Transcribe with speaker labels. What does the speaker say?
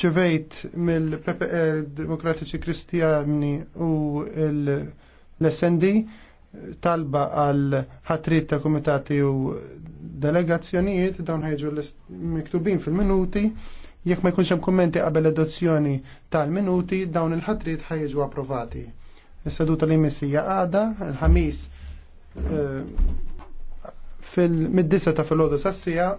Speaker 1: ċivejt mill-PPE Demokratiċi Kristjani u l-SND talba għal ħatrit ta' komitati u delegazzjonijiet dawn ħajġu miktubin fil-minuti jekk ma jkunx hemm kummenti qabel adozzjoni tal-minuti dawn il-ħatrit ħajġu approvati. Is-seduta li missija għada il-ħamis eh,
Speaker 2: fil-mid-disa ta' fil-ħodu sassija